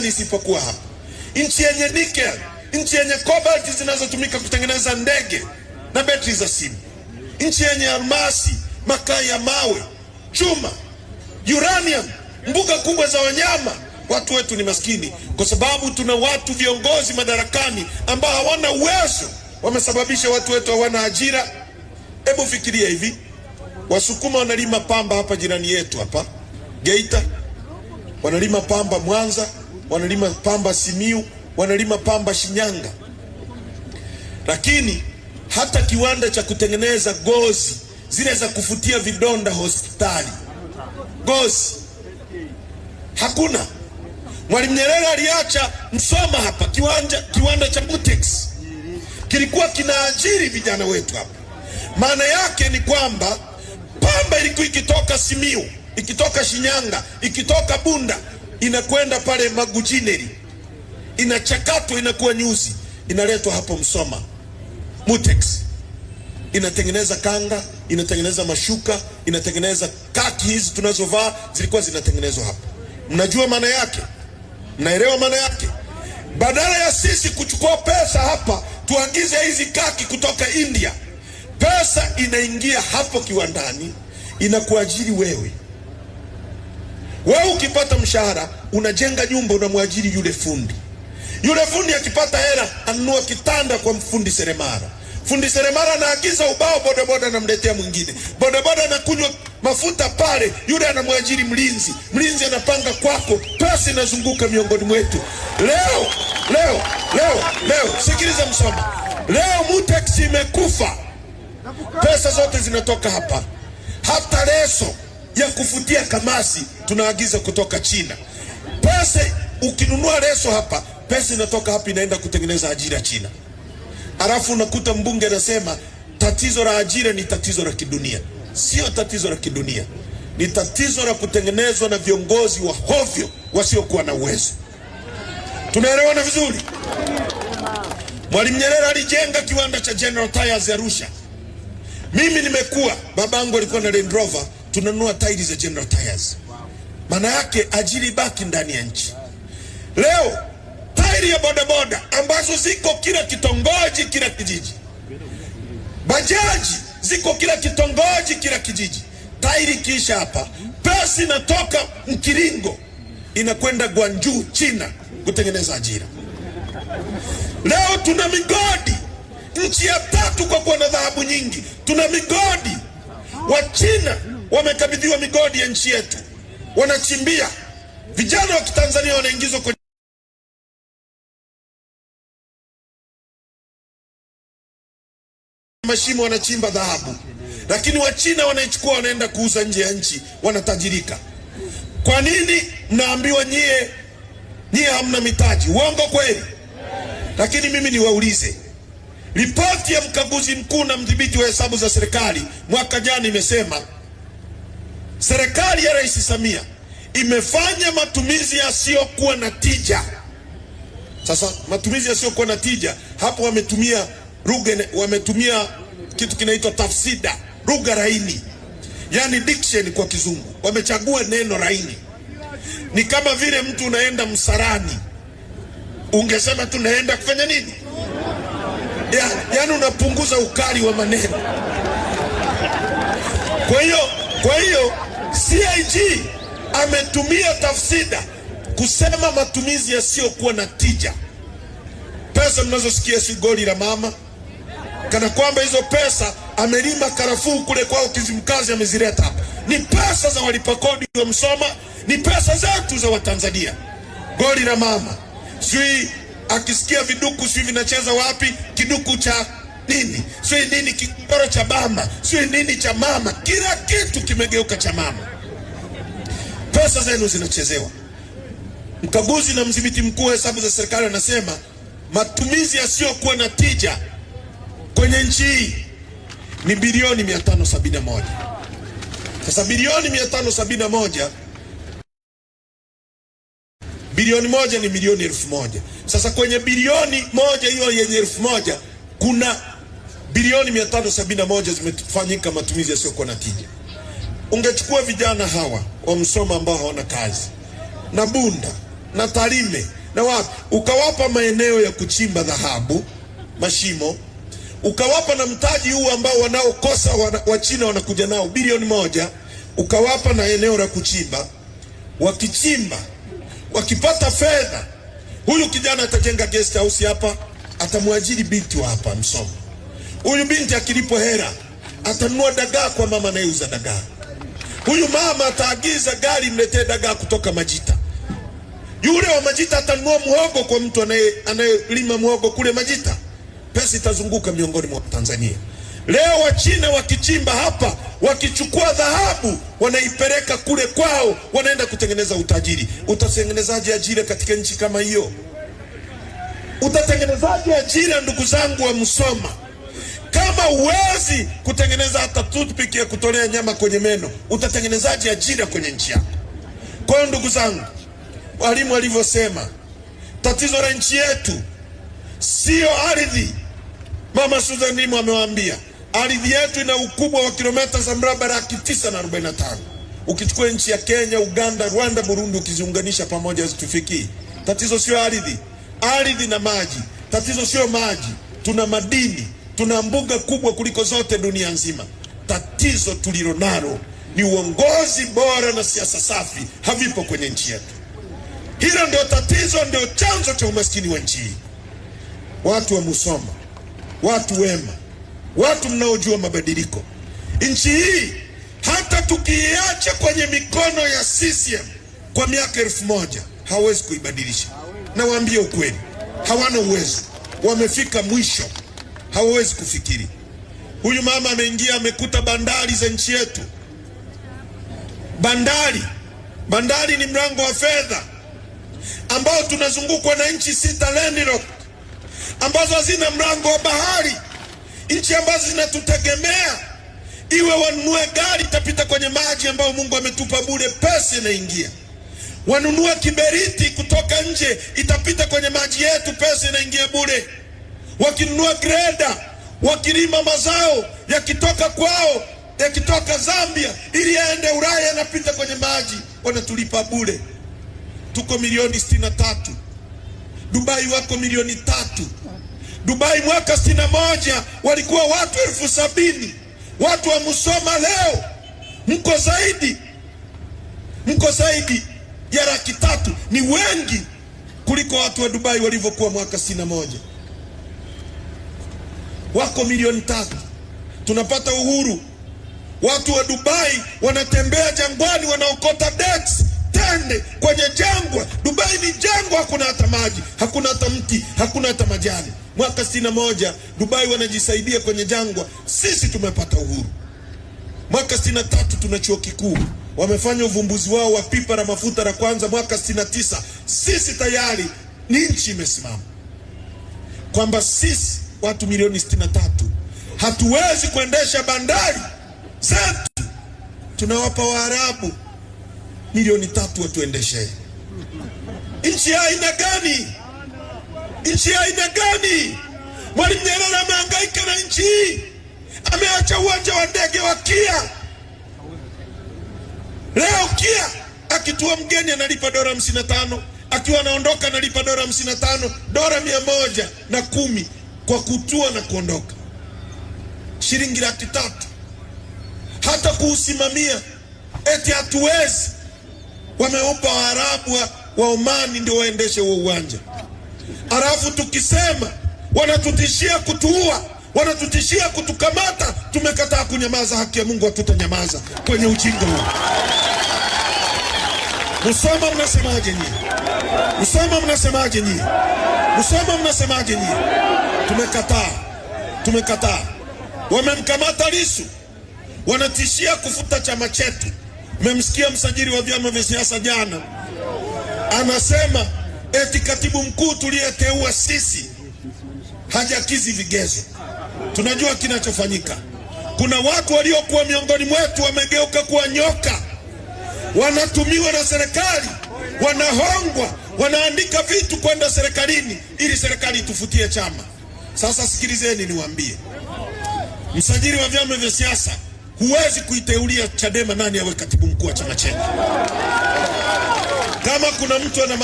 duniani isipokuwa hapa, nchi yenye nikel, nchi yenye kobalti zinazotumika kutengeneza ndege na betri za simu, nchi yenye almasi, makaa ya mawe, chuma, uranium, mbuga kubwa za wanyama. Watu wetu ni maskini kwa sababu tuna watu viongozi madarakani ambao hawana uwezo, wamesababisha watu wetu hawana ajira. Hebu fikiria hivi, Wasukuma wanalima pamba hapa jirani yetu hapa Geita, wanalima pamba Mwanza wanalima pamba Simiu, wanalima pamba Shinyanga, lakini hata kiwanda cha kutengeneza gozi zile za kufutia vidonda hospitali, gozi hakuna. Mwalimu Nyerere aliacha Msoma hapa kiwanja, kiwanda cha Butex kilikuwa kinaajiri vijana wetu hapa. Maana yake ni kwamba pamba ilikuwa ikitoka Simiu, ikitoka Shinyanga, ikitoka Bunda inakwenda pale Magujineri, inachakatwa inakuwa nyuzi, inaletwa hapo Msoma Mutex, inatengeneza kanga, inatengeneza mashuka, inatengeneza kaki. Hizi tunazovaa zilikuwa zinatengenezwa hapo Mnajua maana yake? Mnaelewa maana yake? Badala ya sisi kuchukua pesa hapa tuagize hizi kaki kutoka India, pesa inaingia hapo kiwandani, inakuajiri wewe. Wewe ukipata mshahara unajenga nyumba, unamwajiri yule fundi. Yule fundi akipata hela anunua kitanda kwa mfundi seremara. Fundi seremara anaagiza ubao, bodaboda anamletea mwingine, bodaboda anakunywa mafuta pale, yule anamwajiri mlinzi, mlinzi anapanga kwako, pesa inazunguka miongoni mwetu. Leo leo leo leo, sikiliza msomo, leo Mutex imekufa, pesa zote zinatoka hapa, hata leso ya kufutia kamasi tunaagiza kutoka China. Pesa ukinunua leso hapa, pesa inatoka hapa inaenda kutengeneza ajira China. Alafu unakuta mbunge anasema tatizo la ajira ni tatizo la kidunia. Sio tatizo la kidunia, ni tatizo la kutengenezwa na viongozi wa hovyo wasiokuwa na uwezo. Tunaelewana vizuri? Mwalimu Nyerere alijenga kiwanda cha General Tyres Arusha. Mimi nimekuwa babangu alikuwa na Land Rover tunanunua tairi za General Tires. Maana yake ajili baki ndani ya nchi. Leo tairi ya bodaboda ambazo ziko kila kitongoji, kila kijiji, bajaji ziko kila kitongoji, kila kijiji. Tairi kisha hapa, pesa inatoka Mkiringo inakwenda Guangzhou, China kutengeneza ajira. Leo tuna migodi, nchi ya tatu kwa kuwa na dhahabu nyingi. Tuna migodi wa China wamekabidhiwa migodi ya nchi yetu, wanachimbia. Vijana wa Kitanzania wanaingizwa kwenye mashimo, wanachimba dhahabu, lakini Wachina wanaichukua wanaenda kuuza nje ya nchi, wanatajirika. Kwa nini mnaambiwa nyie nyie hamna mitaji? Uongo kweli? Lakini mimi niwaulize Ripoti ya mkaguzi mkuu na mdhibiti wa hesabu za serikali mwaka jana imesema serikali ya Rais Samia imefanya matumizi yasiyokuwa na tija. Sasa matumizi yasiyokuwa na tija, hapo wametumia lugha, wametumia kitu kinaitwa tafsida, lugha raini yani diction kwa Kizungu, wamechagua neno raini Ni kama vile mtu unaenda msarani ungesema tunaenda kufanya nini? Ya, yani unapunguza ukali wa maneno. Kwa hiyo kwa hiyo CIG ametumia tafsida kusema matumizi yasiyokuwa na tija, pesa mnazosikia si goli la mama, kana kwamba hizo pesa amelima karafuu kule kwao Kizimkazi amezileta hapa. Ni pesa za walipa kodi wa Msoma, ni pesa zetu za Watanzania. Goli la mama sijui akisikia viduku sijui vinacheza wapi, kiduku cha nini sijui nini, kikoro cha mama sijui nini cha mama, kila kitu kimegeuka cha mama pesa zenu zinachezewa. Mkaguzi na mdhibiti mkuu wa hesabu za serikali anasema matumizi yasiyokuwa na tija kwenye nchi hii ni bilioni 571. Sasa bilioni 571, bilioni moja ni milioni elfu moja. Sasa kwenye bilioni moja hiyo yenye elfu moja kuna bilioni 571 zimefanyika matumizi yasiyokuwa na tija. Ungechukua vijana hawa wa Msoma ambao hawana kazi na Bunda na Tarime na wapi, ukawapa maeneo ya kuchimba dhahabu mashimo, ukawapa na mtaji huu ambao wanaokosa wana, Wachina wanakuja nao bilioni moja, ukawapa na eneo la kuchimba, wakichimba wakipata fedha, huyu kijana atajenga guest house hapa, atamwajiri binti wa hapa Msoma. Huyu binti akilipo hela atanunua dagaa kwa mama anayeuza dagaa Huyu mama ataagiza gari mletee dagaa kutoka Majita. Yule wa Majita atanunua mhogo kwa mtu anayelima mhogo kule Majita, pesa itazunguka miongoni mwa Tanzania. Leo Wachina wakichimba hapa, wakichukua dhahabu wanaipeleka kule kwao, wanaenda kutengeneza utajiri. Utatengenezaje ajira katika nchi kama hiyo? Utatengenezaje ajira, ndugu zangu wa Msoma? Kama uwezi kutengeneza hata toothpick ya kutolea nyama kwenye meno, utatengenezaje ajira kwenye nchi yako? Kwa hiyo ndugu zangu, walimu walivyosema, tatizo la nchi yetu siyo ardhi. Mama Susan Nimu amewaambia ardhi yetu ina ukubwa wa kilomita za mraba laki tisa na arobaini na tano. Ukichukua nchi ya Kenya, Uganda, Rwanda, Burundi ukiziunganisha pamoja hazitufikii. Tatizo sio ardhi, ardhi na maji. Tatizo sio maji, tuna madini Tuna mbuga kubwa kuliko zote dunia nzima. Tatizo tulilonalo ni uongozi bora na siasa safi havipo kwenye nchi yetu. Hilo ndio tatizo, ndio chanzo cha umaskini wa nchi hii. Watu wa Musoma, watu wema, watu mnaojua mabadiliko, nchi hii hata tukiiacha kwenye mikono ya CCM kwa miaka elfu moja hawezi kuibadilisha. Nawaambia ukweli, hawana uwezo, wamefika mwisho hauwezi kufikiri. Huyu mama ameingia, amekuta bandari za nchi yetu. Bandari, bandari ni mlango wa fedha ambao tunazungukwa na nchi sita landlocked ambazo hazina mlango wa bahari, nchi ambazo zinatutegemea, iwe wanunue gari itapita kwenye maji ambayo Mungu ametupa bure, pesa inaingia wanunue kiberiti kutoka nje, itapita kwenye maji yetu, pesa inaingia bure wakinunua greda, wakilima mazao yakitoka kwao yakitoka Zambia ili yaende Ulaya yanapita kwenye maji, wanatulipa bure. Tuko milioni sitini na tatu, Dubai wako milioni tatu. Dubai mwaka sitini na moja walikuwa watu elfu sabini. Watu wa Musoma leo mko zaidi, mko zaidi ya laki tatu. Ni wengi kuliko watu wa Dubai walivyokuwa mwaka sitini na moja wako milioni tatu, tunapata uhuru. Watu wa Dubai wanatembea jangwani, wanaokota dex tende kwenye jangwa. Dubai ni jangwa, hakuna hata maji, hakuna hata mti, hakuna hata majani. Mwaka sitini na moja Dubai wanajisaidia kwenye jangwa, sisi tumepata uhuru. Mwaka sitini na tatu tuna chuo kikuu wamefanya uvumbuzi wao wa pipa la mafuta la kwanza mwaka tisa. Sisi tayari ni nchi imesimama, kwamba sisi watu milioni tatu. Hatuwezi kuendesha bandari zetu, tunawapa Waarabu milioni tatu watuendeshe. Nchi ya aina gani? Nchi ya aina gani? Mwalimu Nyerere ameangaika na nchi hii, ameacha uwanja wa ndege wa KIA. Leo KIA akitua mgeni analipa dola hamsini na tano akiwa anaondoka analipa dola hamsini na tano dola mia moja na kumi kwa kutua na kuondoka, shilingi laki tatu. Hata kuusimamia eti hatuwezi, wameupa Waarabu wa Omani ndio waendeshe huo uwanja, alafu tukisema wanatutishia kutuua, wanatutishia kutukamata. Tumekataa kunyamaza, haki ya Mungu hatutanyamaza kwenye ujinga huo. Musoma, mnasemaje nyinyi? Msoma mnasemaje nyie? Msoma mnasemaje nyie? Tumekataa, tumekataa. Wamemkamata Lissu, wanatishia kufuta chama chetu. Mmemsikia msajili wa vyama vya siasa jana anasema eti katibu mkuu tuliyeteua sisi hajakizi vigezo. Tunajua kinachofanyika. Kuna watu waliokuwa miongoni mwetu wamegeuka kuwa nyoka, wanatumiwa na serikali wanahongwa, wanaandika vitu kwenda serikalini ili serikali itufutie chama. Sasa sikilizeni niwaambie, msajili wa vyama vya siasa, huwezi kuiteulia Chadema nani awe katibu mkuu wa chama chetu. Kama kuna mtu ana